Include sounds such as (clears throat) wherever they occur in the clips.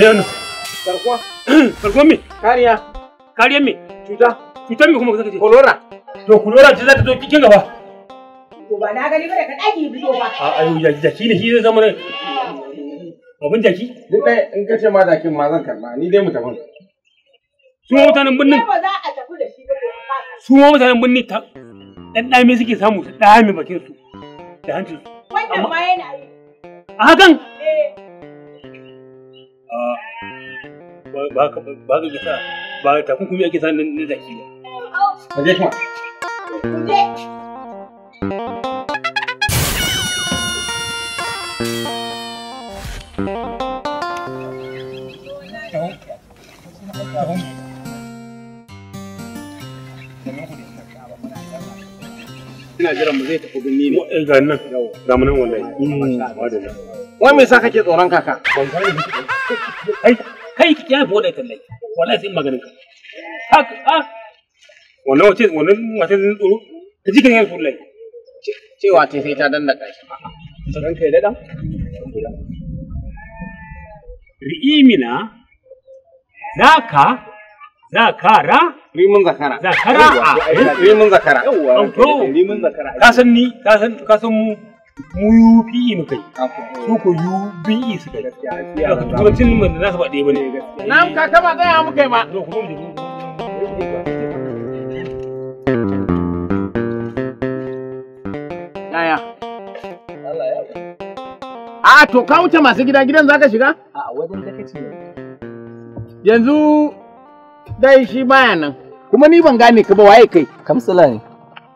Me wannan? (clears throat) Kariya. Kariyan Cuta. Cutan kuma kusa Kolora. To kolora ce za ta zo gaba. To ba na gani ba da ɗaki biyo ba. A ayo jaki ne shi zai zama Abin jaki? Duk ɗaya in kace ma jakin ma zan karɓa ni dai mu Su ma mutanen birnin. Ba za a tafi da shi ba. Su ma mutanen ta ɗan ɗame suke samu su ɗame bakin su da hancin su. Wannan ma yana yi. A hakan? Eh. ba ka gisa ba takunkumi ake sa na zaki ba. Kaje kuma. ina jiran mu zai tafi birni ne. Ga nan, ga mu nan wallahi. Mm. Wai me sa kake tsoron kaka? Ban san kai kai ki kiyaye sai maganin ka haka ha wannan wace wannan wace zan tsoro ta cewa sai ta danna kai dada ri'imina zaka zakara rimin zakara zakara rimin zakara rimin zakara ka san ni ka san mu mu UPE muka yi so ko UBE suka yi gaskiya turancin mu da nasu ba ɗaya bane gaskiya na ka kama tsaya muka yi ba to kuma mu Yaya? A to ka wuce masu gida gidan za ka shiga? A wajen Yanzu dai shi baya nan. Kuma ni ban gane ka ba waye kai? Kamsila ne.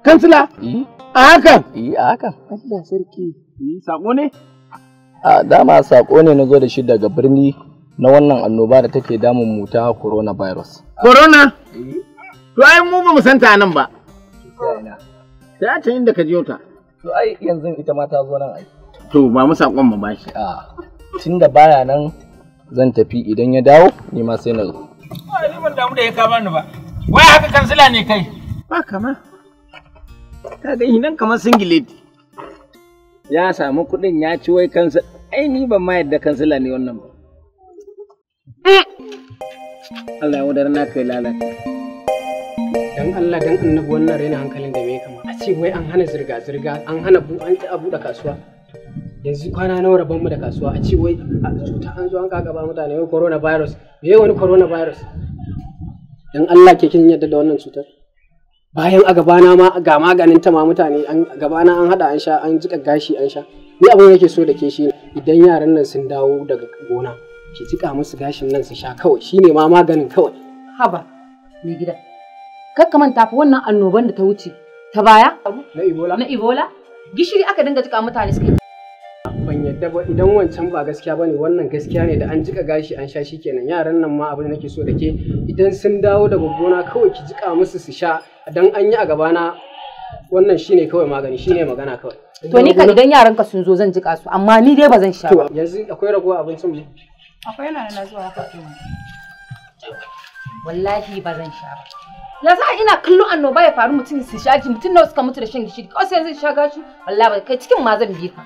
Kansila? Eh. A hakan? Yi a hakan. Allah sarki. Yi sako ne? A dama sako ne na zo da shi daga birni na wannan annoba da take damun mu ta coronavirus. Corona? Eh. To ai mu ba mu san ta nan ba. Ta ta inda ka jiyo ta. To ai yanzu ita ma ta zo nan ai. To ba mu sakon mu bashi. A tunda baya nan zan tafi idan ya dawo ni ma sai na zo. ni ban damu da ya kama ni ba. Wai haka kansila ne kai. Ba kama. Ka ga nan kamar singileti. Ya samu kuɗin ya ci wai kansa. Ai ni ban ma yadda kansila ne wannan ba. Allah ya wadar na kai lalata. Dan Allah dan annabi wannan raina hankalin da me kama. A ce wai an hana zirga-zirga, an hana bu an ta abu da kasuwa. Yanzu kwana nawa rabon mu da kasuwa a ce wai cuta an zo an ka gaba mutane wai coronavirus. Me wani coronavirus? Dan Allah ke kin yadda da wannan cutar? bayan a gabana ma ga maganin ta ma mutane an gabana an hada an sha an jika gashi an sha ni abin yake so da ke shi idan yaran nan sun dawo daga gona ki jika musu gashin nan su sha kawai shine ma maganin kawai haba ne gida kakka manta fa wannan annoban da ta wuce ta baya na ibola na ibola gishiri aka dinga jika mutane suke ban yadda ba idan wancan ba gaskiya ba ne wannan gaskiya ne da an jika gashi an sha shi kenan yaran nan ma abin da nake so da ke idan sun dawo daga gona kawai ki jika musu su sha dan an yi a gabana wannan shine kawai magani shine magana kawai to ni kan idan ka sun zo zan jika su amma ni dai ba zan sha ba yanzu akwai raguwa abincin mu akwai yana na zuwa haka wallahi ba zan sha ba ya sa ina kallo annoba ya faru mutum su shaji mutum nawa suka mutu da shan gishiri kawai sai zai sha gashi wallahi ba kai cikin ma zan bi ka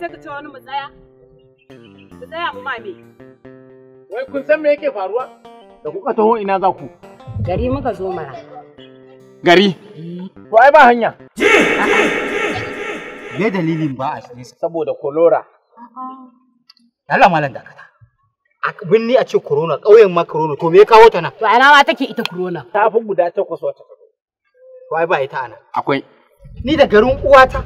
sai ka ce wani mu tsaya? Mu tsaya mu ma me? Wai kun san me yake faruwa? Da kuka taho ina za ku? Gari muka zo mana. Gari? To ai ba hanya. Me dalilin ba a shirye saboda kolora. Allah malam da dakata. a binni a ce corona ƙauyen ma corona to me ya kawo ta nan to ana ma take ita corona ta fi guda takwas wata to ai ba ita ana akwai ni da garin uwata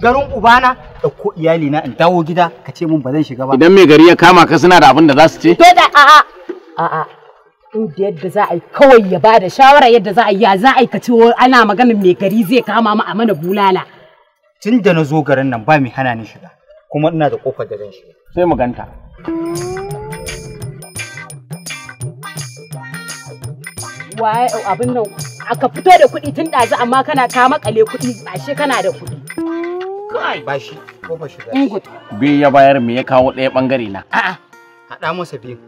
garin ubana ko iyali na in dawo gida ka ce mun ba zan shiga ba idan mai gari ya kama ka suna da abin da za su ce to da a'a a in da yadda za a yi kawai ya bada shawara yadda za a yi ya za a yi ka ce ana maganin mai gari zai kama mu a mana bulala tun da na zo garin nan ba mai hana ni shiga kuma ina da kofar da zan shiga sai mu ganta waye abin nan aka fito da kuɗi tun ɗazu amma kana ka makale kuɗi ashe kana da kuɗi Kai ba shi Biyu ya bayar me ya kawo ɗaya bangare na. A'a. Haɗa masa biyu.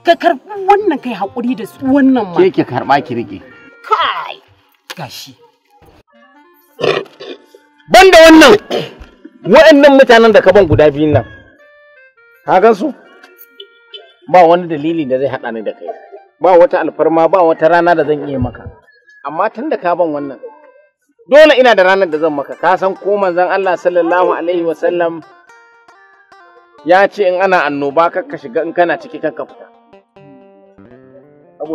Ka karɓi wannan kai haƙuri da su wannan ma. Ke ki karɓa ki rike. Kai. Gashi. (coughs) Banda wannan (coughs) wa'annan mutanen da ka ban guda biyun nan. Ka gan su? Ba wani dalili da zai haɗa ni da kai. Ba wata alfarma ba wata rana da zan iya maka. Amma tun da ka ban wannan dole ina da ranar da zan maka ka san ko manzon Allah sallallahu alaihi wa sallam ya ce in ana annoba kakka shiga in kana ciki kanka fita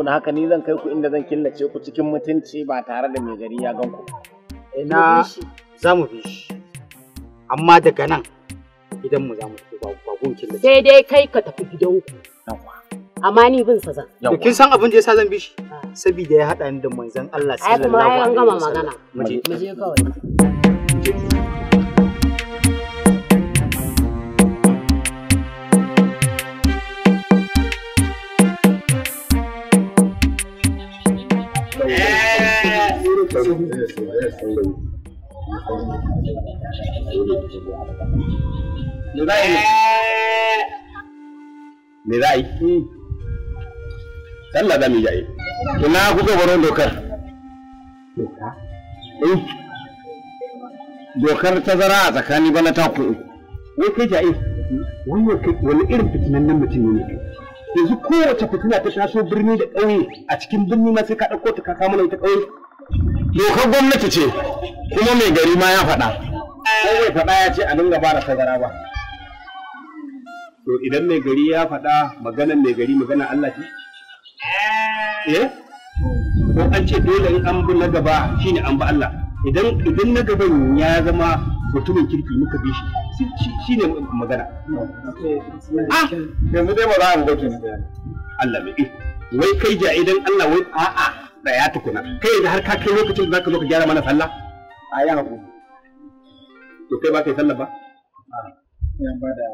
na haka ni zan kai ku inda zan killace ku cikin mutunci ba tare da mai gari ya gan ku ina za mu bi shi amma daga nan gidan mu za mu ba gun killace sai dai kai ka tafi gidanku amma ni bin sa zan kin san abin da yasa zan bi shi saboda ya haɗa ni da manzan Allah sallallahu alaihi wasallam. Ai kuma gama magana. kawai. Me da sallah za mu yi ina kuka baro dokar doka eh. dokar tazara a tsakani bana ta ku wai kai ja'i wani irin fitinan nan mutum ne yanzu kowace fitina ta taso birni da ƙauye a cikin birni ma sai ka ɗauko ta kaka mana ita ƙauye dokar gwamnati ce kuma mai gari ma ya faɗa ko bai faɗa ya ce a dinga bara tazara ba to idan mai gari ya faɗa maganan mai gari magana Allah ce Eh? ko an ce dole in an bi na gaba shine an bi Allah idan idan na gaban ya zama mutumin kirki muka bi shi shi ne magana eh. ah yanzu dai ba za mu gwajin Allah mai ihu wai kai ja idan Allah wai a'a da ya tukuna kai yanzu har ka kai lokacin da zaka zo ka gyara mana sallah a yi ku to kai ba kai sallah ba yan ah, ba da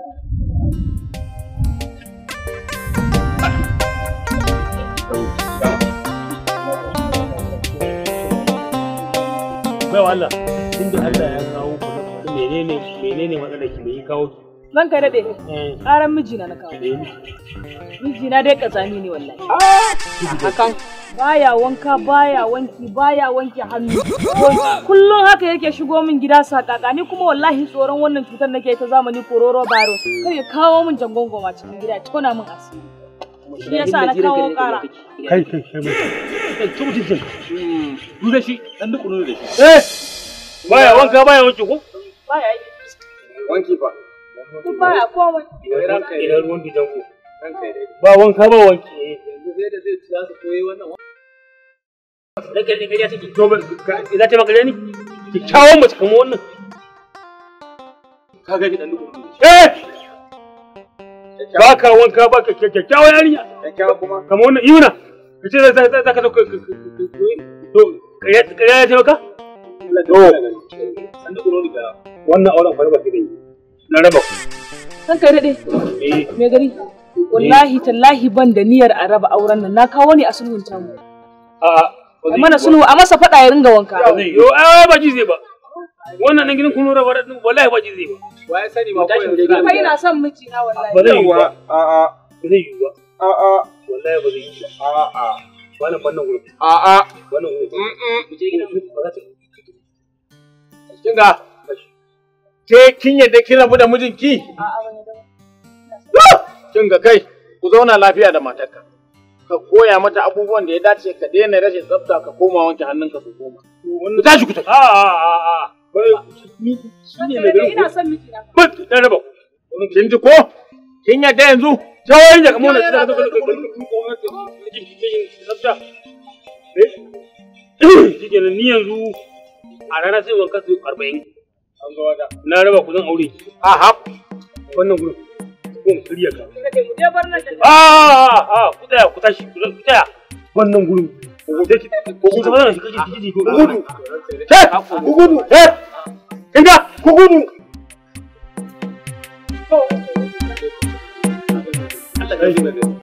Allah tunda Allah ya kawo ku menene menene matsalar ki da ya kawo ki Zan kai daɗe, karan eh. mijina na kawo. Mijina dai ƙazami ne wallahi. Ah! Hakan. Baya wanka, baya wanki, baya wanki hannu. Kullum haka yake shigo min gida saƙaƙa ni kuma wallahi tsoron wannan cutar nake ta zamani kororo virus. Kar ya kawo min jangongoma cikin gida, tona min asiri. Shi yasa na kawo ƙara. Kai kai kai. wankan hmm. shi dan duk da shi eh baya wanka baya wanki ko baya yi wanki baya ruwan ba wanka ba wanki eh, yanzu sai da zai ci za su koyi wannan da kai kai ya take to za ta maka wannan ka dan duk eh wanka kyakkyawa yarinya kyakkyawa kuma kamar wannan iuna Kace za za za ka zo to kariya ya wannan auren ba na raba eh. Me gari? Wallahi tallahi ban da niyyar a raba auren nan na kawo ne a sulhun ta mu. A mana sulhu a masa fada ya ringa wanka. Yo ai ba ji zai ba. Wannan nan gidan kuno raba wallahi ba ji zai ba. Wa sani ba Kai na son miji na wallahi. Ba zai yi ba. zai yi ba. wallahi ba zai yi a a wannan gurbi a a wannan gurbi mm kin ga ke kin yadda kin rabu da mijinki a a kin ga kai ku zauna lafiya da matarka ka koya mata abubuwan da ya dace ka daina rashin tsafta ka koma wanke hannunka su koma ku tashi ku tashi a a a kin ji ko kin yadda yanzu shawai da kamar da a rana sai wanka su arba'in. Na raba kudin aure. A haf wannan gurin. Ko mu shirya ka. A a ku tsaya ku tashi ku tsaya. Wannan gurin. Ku gudu. Ku gudu. Ku gudu. 没丢，没丢。